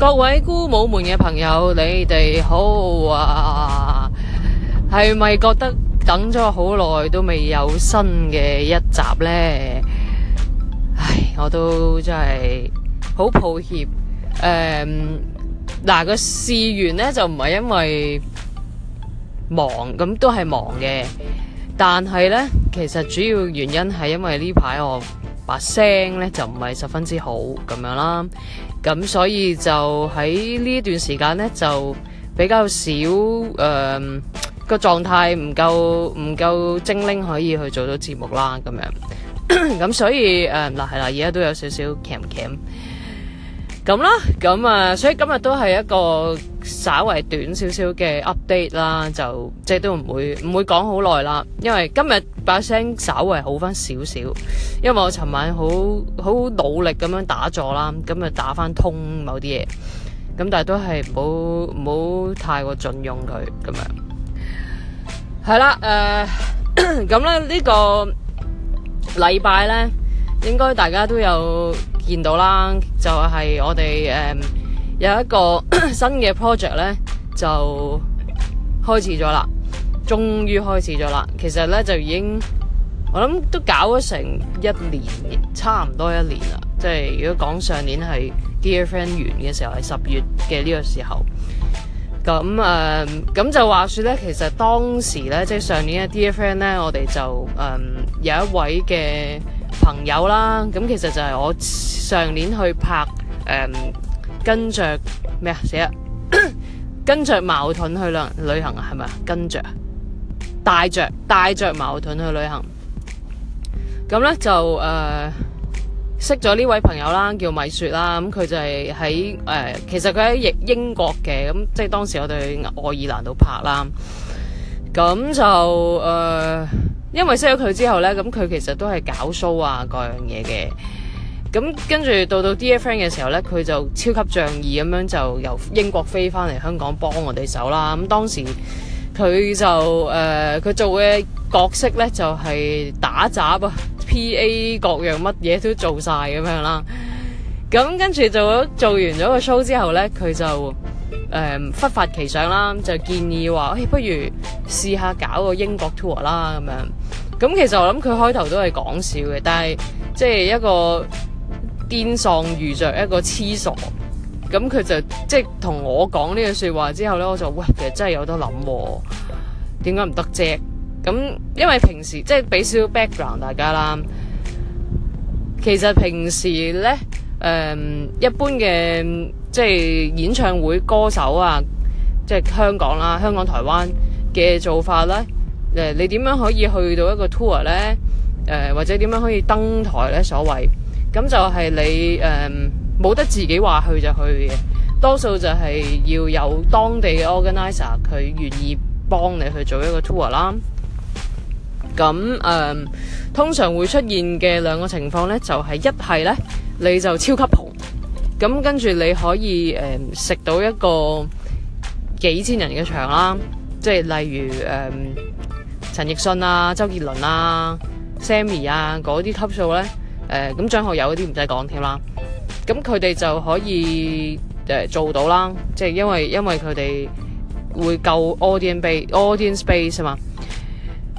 各位菇武門嘅朋友，你哋好啊！係咪覺得等咗好耐都未有新嘅一集呢？唉，我都真係好抱歉。誒、嗯，嗱，個事緣呢就唔係因為忙，咁都係忙嘅。但係呢，其實主要原因係因為呢排我。把聲咧就唔係十分之好咁樣啦，咁所以就喺呢段時間咧就比較少誒、呃、個狀態唔夠唔夠精靈可以去做到節目啦咁樣，咁 所以誒嗱係啦，而家都有少少欠唔咁啦，咁啊，所以今日都係一個稍為短少少嘅 update 啦，就即係都唔會唔會講好耐啦，因為今日把聲稍為好翻少少，因為我尋晚好好努力咁樣打坐啦，咁啊打翻通某啲嘢，咁但係都係唔好唔好太過盡用佢咁樣，係啦，誒，咁咧呢個禮拜呢，應該大家都有。見到啦，就係、係、我哋、嗯、有一個 新嘅 project 呢，就開始咗啦，終於開始咗啦。其實呢，就已經，我諗都搞咗成一年，差唔多一年啦。即係如果講上年係 Dear Friend 完嘅時候，係十月嘅呢個時候。咁咁、嗯、就話説呢，其實當時呢，即、就、係、係、上年嘅 Dear Friend 呢，我哋就、嗯、有一位嘅朋友啦，咁其實就係我上年去拍誒、嗯，跟着咩啊？寫啊， 跟着矛盾去旅行啊，係咪啊？跟着，帶着帶着矛盾去旅行，咁呢，就誒，呃、識咗呢位朋友啦，叫米雪啦，咁、嗯、佢就係喺誒，其實佢喺英國嘅，咁、嗯、即係當時我哋去愛爾蘭度拍啦，咁就誒。呃因為識咗佢之後呢，咁佢其實都係搞 show 啊，各樣嘢嘅。咁跟住到到 D F friend 嘅時候呢，佢就超級仗義咁樣就由英國飛翻嚟香港幫我哋手啦。咁當時佢就誒，佢、呃、做嘅角色呢，就係、是、打雜啊，P A 各樣乜嘢都做晒咁樣啦。咁跟住做咗做完咗個 show 之後呢，佢就。誒、嗯，忽發奇想啦，就建議話，誒、哎，不如試下搞個英國 tour 啦，咁樣。咁其實我諗佢開頭都係講笑嘅，但係即係一個癲喪遇着一個痴傻，咁佢就即係同我講呢句說話之後呢，我就，嘩，其實真係有得諗，啊，點解唔得啫？咁因為平時即係俾少少 background 大家啦，其實平時呢，誒、嗯，一般嘅。即係演唱會歌手啊，即係香港啦，香港台灣嘅做法呢，誒，你點樣可以去到一個 tour 呢？誒，或者點樣可以登台呢？所謂咁就係你誒，冇得自己話去就去嘅，多數就係要有當地嘅 organizer，佢願意幫你去做一個 tour 啦。咁誒，通常會出現嘅兩個情況呢，就係一係呢，你就超級紅。咁跟住你可以食、呃、到一個幾千人嘅場啦，即係例如誒、呃、陳奕迅啊、周杰倫啊、Sammy 啊嗰啲級數咧，誒咁張學友嗰啲唔使講添啦，咁佢哋就可以、呃、做到啦，即係因為因為佢哋會夠 audience base audience base 啊嘛。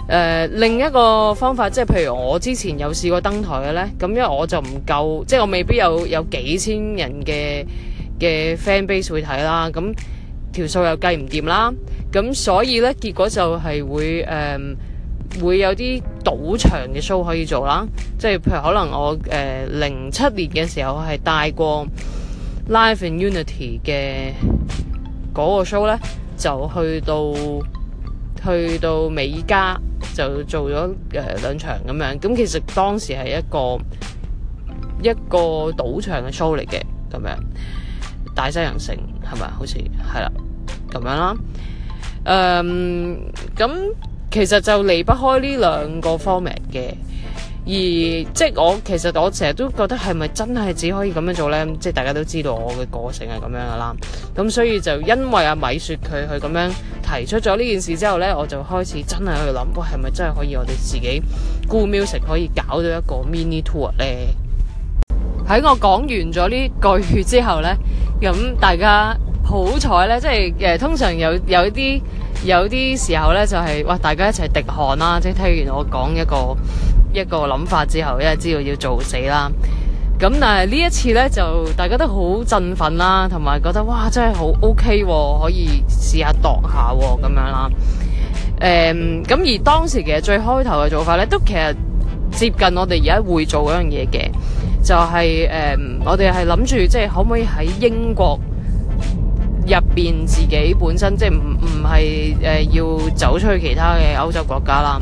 誒、呃、另一個方法，即係譬如我之前有試過登台嘅呢。咁因為我就唔夠，即係我未必有有幾千人嘅嘅 fan base 會睇啦，咁條數又計唔掂啦，咁所以呢，結果就係會誒、呃、會有啲賭場嘅 show 可以做啦，即係譬如可能我誒零七年嘅時候係帶過 Live in Unity 嘅嗰個 show 呢，就去到去到美加。就做咗誒兩場咁樣，咁其實當時係一個一個賭場嘅 show 嚟嘅，咁樣大西洋城係咪啊？好似係啦，咁樣啦。誒，咁其實就離不開呢兩個 format 嘅。而即我其實我成日都覺得係咪真係只可以咁樣做呢？即大家都知道我嘅個性係咁樣噶啦。咁所以就因為阿米雪佢佢咁樣提出咗呢件事之後呢，我就開始真係去諗，哇係咪真係可以我哋自己 GOOMUSIC 可以搞到一個 mini tour 呢？喺我講完咗呢句之後呢，咁大家好彩呢，即係誒通常有有啲有啲時候呢、就是，就係哇，大家一齊滴汗啦！即係聽完我講一個一個諗法之後，因為知道要做死啦，咁但係呢一次呢，就大家都好振奮啦，同埋覺得哇真係好 OK，啊，可以試下度下咁樣啦。誒、嗯、咁而當時其實最開頭嘅做法呢，都其實接近我哋而家會做嗰樣嘢嘅，就係、是、誒、嗯、我哋係諗住即係可唔可以喺英國入邊自己本身即係唔唔係誒要走出去其他嘅歐洲國家啦。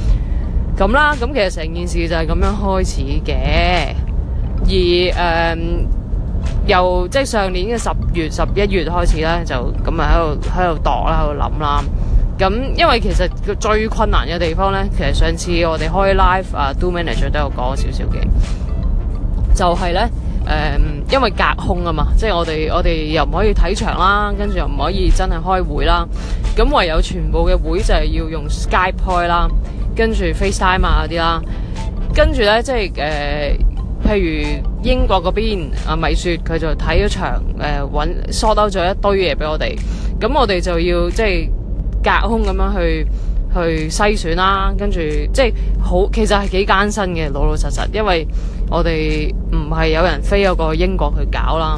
咁啦，咁其實成件事就係咁樣開始嘅。而誒、嗯，由即係上年嘅十月、十一月開始咧，就咁咪喺度喺度度啦，喺度諗啦。咁因為其實最困難嘅地方咧，其實上次我哋開 live 啊，Do Management 都有講少少嘅，就係咧誒，因為隔空啊嘛，即係我哋我哋又唔可以睇場啦，跟住又唔可以真係開會啦。咁唯有全部嘅會就係要用 Skype 開啦。跟住 FaceTime 啊啲啦，跟住呢，即係誒、呃，譬如英國嗰邊阿米雪佢就睇咗場誒，揾疏兜咗一堆嘢俾我哋，咁我哋就要即係隔空咁樣去去篩選啦、啊，跟住即係好，其實係幾艱辛嘅，老老實實，因為我哋唔係有人飛咗個英國去搞啦。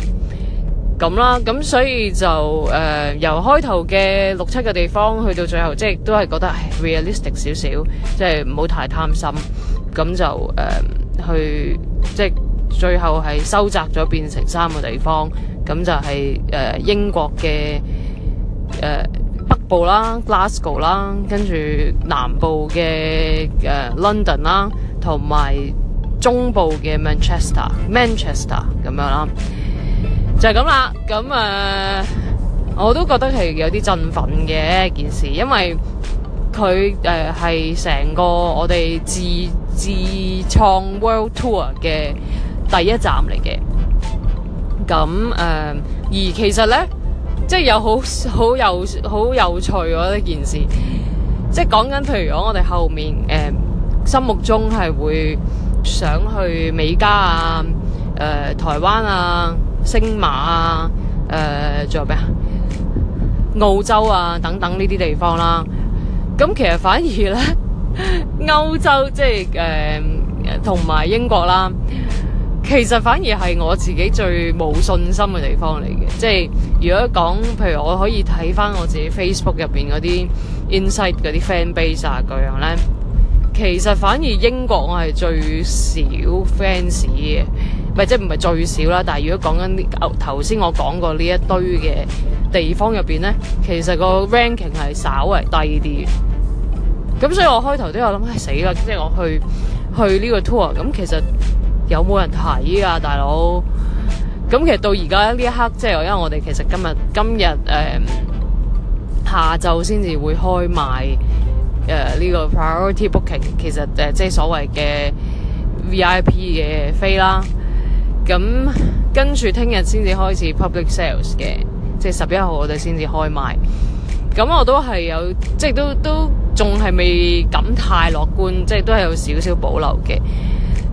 咁啦，咁所以就誒、呃、由開頭嘅六七個地方去到最後，即係都係覺得 realistic 少少，即係唔好太貪心。咁就誒、呃、去即係最後係收窄咗，變成三個地方。咁就係、是、誒、呃、英國嘅誒、呃、北部啦，Glasgow 啦，跟住南部嘅誒、呃、London 啦，同埋中部嘅 Manchester，Manchester 咁樣啦。就咁啦，咁誒，我都覺得係有啲振奮嘅一件事，因為佢誒係成個我哋自自創 World Tour 嘅第一站嚟嘅。咁誒，而其實呢，即係有好好有好有趣喎呢件事，即係講緊譬如講我哋後面誒心目中係會想去美加啊、誒台灣啊、星馬啊，誒、呃，仲有咩啊？澳洲啊，等等呢啲地方啦。咁其實反而咧，歐洲即係誒，同、呃、埋英國啦，其實反而係我自己最冇信心嘅地方嚟嘅。即係如果講，譬如我可以睇返我自己 Facebook 入邊嗰啲 Insight 嗰啲 Fan Base 啊，嗰樣咧。其實反而英國我係最少 fans 嘅，唔係即係唔係最少啦。但係如果講緊頭先我講過呢一堆嘅地方入邊呢，其實個 ranking 係稍微低啲。咁所以我開頭都有諗，唉、哎、死啦！即係我去去呢個 tour，咁其實有冇人睇啊，大佬？咁其實到而家呢一刻，即係因為我哋其實今日今日誒、嗯、下晝先至會開賣。誒呢、uh, 個 priority booking 其實即係所謂嘅 VIP 嘅飛啦，咁跟住聽日先至開始 public sales 嘅，即係十一號我哋先至開賣。咁我都係有即係、就是、都都仲係未敢太樂觀，即、就、係、是、都係有少少保留嘅。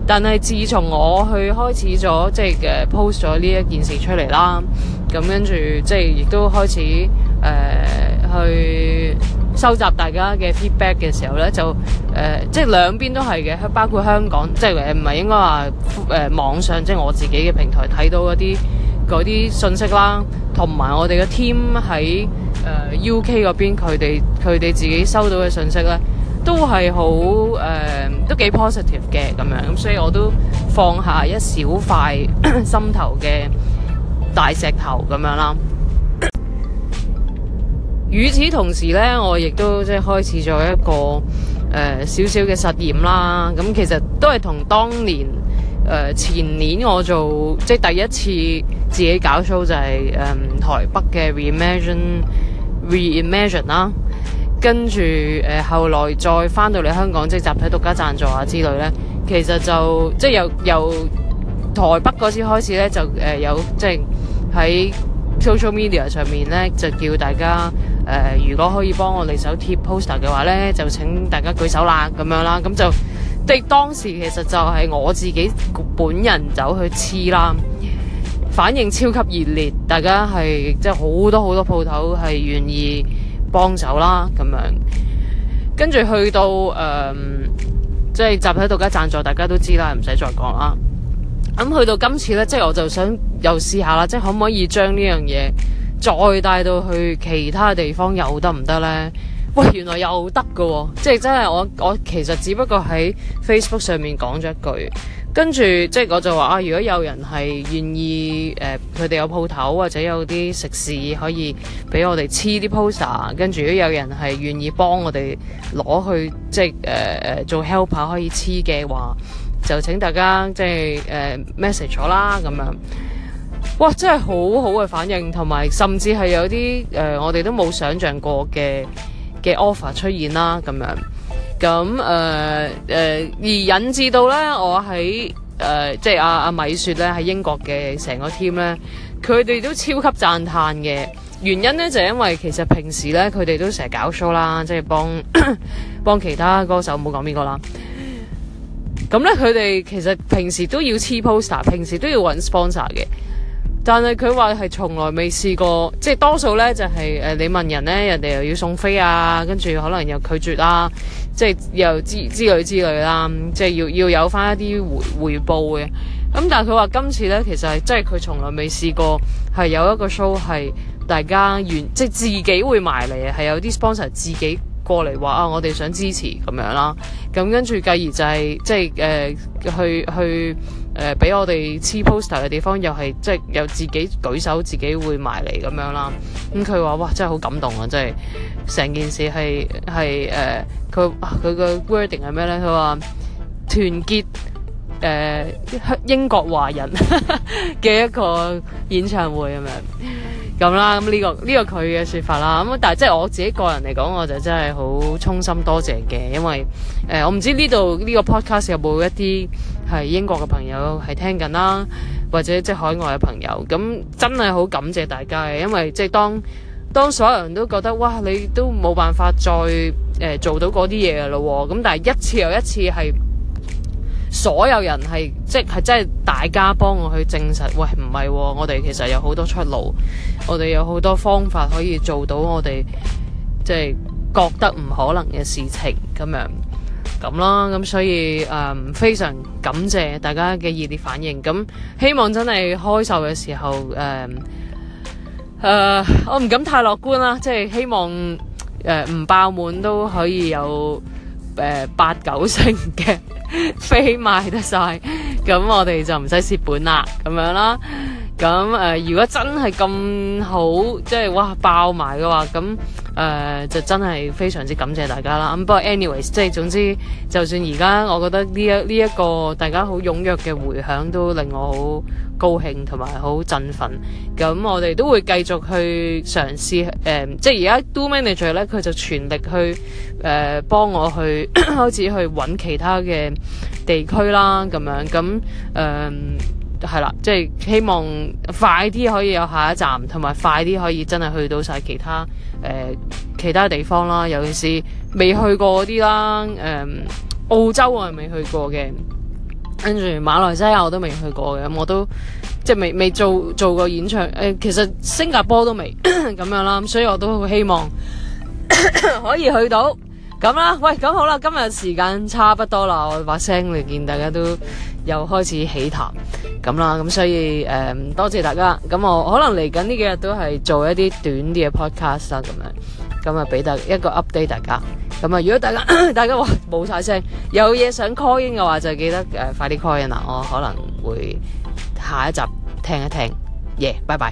但係自從我去開始咗即係誒 post 咗呢一件事出嚟啦，咁跟住即係亦都開始、呃、去，收集大家嘅 feedback 嘅時候咧，就誒、呃、即係兩邊都係嘅，包括香港，即係誒唔係應該話誒、呃、網上，即係我自己嘅平台睇到嗰啲嗰啲信息啦，同埋我哋嘅 team 喺誒、呃、UK 嗰邊佢哋佢哋自己收到嘅信息咧，都係好誒都幾 positive 嘅咁樣，咁所以我都放下一小塊 心頭嘅大石頭咁樣啦。與此同時呢，我亦都即係開始咗一個誒少少嘅實驗啦。咁、嗯、其實都係同當年誒、呃、前年我做即係第一次自己搞 show 就係、是、誒、嗯、台北嘅 reimagine reimagine 啦。跟住誒、呃、後來再翻到嚟香港，即係集體獨家贊助啊之類呢，其實就即係由由台北嗰次開始呢，就誒、呃、有即係喺 social media 上面呢，就叫大家。誒、呃，如果可以幫我嚟手貼 poster 嘅話呢，就請大家舉手啦，咁樣啦，咁就，即當時其實就係我自己本人走去黐啦，反應超級熱烈，大家係即係好多好多鋪頭係願意幫手啦，咁樣，跟住去到誒、呃，即係集體到家贊助，大家都知啦，唔使再講啦。咁、嗯、去到今次呢，即係我就想又試下啦，即係可唔可以將呢樣嘢？再帶到去其他地方又得唔得呢？喂，原來又得喎、哦！即係真係我我其實只不過喺 Facebook 上面講咗一句，跟住即係我就話啊，如果有人係願意誒，佢、呃、哋有鋪頭或者有啲食肆可以俾我哋黐啲 poster，跟住如果有人係願意幫我哋攞去即係、呃、做 helper 可以黐嘅話，就請大家即係、呃、message 咗啦咁樣。哇！真係好好嘅反應，同埋甚至係有啲誒、呃，我哋都冇想象過嘅嘅 offer 出現啦咁樣。咁誒誒，而引致到咧，我喺誒、呃、即係阿阿米雪咧喺英國嘅成個 team 咧，佢哋都超級讚嘆嘅。原因咧就係，因為其實平時咧佢哋都成日搞 show 啦，即、就、係、是、幫 幫其他歌手冇講呢個啦。咁咧佢哋其實平時都要黐 poster，平時都要揾 sponsor 嘅。但係佢話係從來未試過，即係多數呢就係、是、誒，你問人呢，人哋又要送飛啊，跟住可能又拒絕啦、啊，即係又之之類之類啦、啊，即係要要有翻一啲回回報嘅。咁但係佢話今次呢，其實係即係佢從來未試過係有一個 show 係大家願，即係自己會埋嚟係有啲 sponsor 自己過嚟話啊，我哋想支持咁樣啦。咁跟住繼而就係、是、即係誒去去。去誒，俾、呃、我哋黐 poster 嘅地方又係，即係又自己舉手，自己會埋嚟咁樣啦。咁佢話哇，真係好感動啊！真係成件事係係誒，佢佢個 wording 係咩咧？佢話團結誒、呃，英國華人嘅 一個演唱會咁樣咁啦。咁、嗯、呢、這個呢、這個佢嘅說法啦。咁、嗯、但係即係我自己個人嚟講，我就真係好衷心多謝嘅，因為誒、呃，我唔知呢度呢個 podcast 有冇一啲。係英國嘅朋友係聽緊啦，或者即係海外嘅朋友，咁真係好感謝大家嘅，因為即係當當所有人都覺得哇，你都冇辦法再誒、呃、做到嗰啲嘢噶咯，咁但係一次又一次係所有人係即係真係大家幫我去證實，喂唔係、喎，我哋其實有好多出路，我哋有好多方法可以做到我哋即係覺得唔可能嘅事情咁樣。咁啦，咁所以誒非常感謝大家嘅熱烈反應，咁希望真係開售嘅時候誒誒，我唔敢太樂觀啦，即係希望誒唔爆滿都可以有誒八九成嘅飛賣得晒，咁我哋就唔使蝕本啦，咁樣啦，咁誒如果真係咁好，即係哇爆埋嘅話，咁。誒、呃，就真係非常之感謝大家啦。咁不過，anyways，即係總之，就算而家，我覺得呢一呢一個大家好踴躍嘅回響，都令我好高興同埋好振奮。咁我哋都會繼續去嘗試誒，即係而家 do manager 咧，佢就全力去誒幫、呃、我去開始 去揾其他嘅地區啦。咁樣咁誒。呃係啦，即係希望快啲可以有下一站，同埋快啲可以真係去到晒其他誒、呃、其他地方啦，尤其是未去過嗰啲啦，誒、嗯、澳洲我係未去過嘅，跟住馬來西亞我都未去過嘅，咁我都即係未未做做過演唱，誒、呃、其實新加坡都未咁 樣啦，所以我都好希望 可以去到咁啦。喂，咁好啦，今日時間差不多啦，我把聲嚟見大家都。又開始起談咁啦，咁所以誒、嗯、多謝大家，咁我可能嚟緊呢幾日都係做一啲短啲嘅 podcast 啦，咁樣咁啊俾大家一個 update 大家，咁啊如果大家大家話冇晒聲，有嘢想 call in 嘅話就記得、呃、快啲 call in 啦，我可能會下一集聽一聽，耶、yeah，拜拜。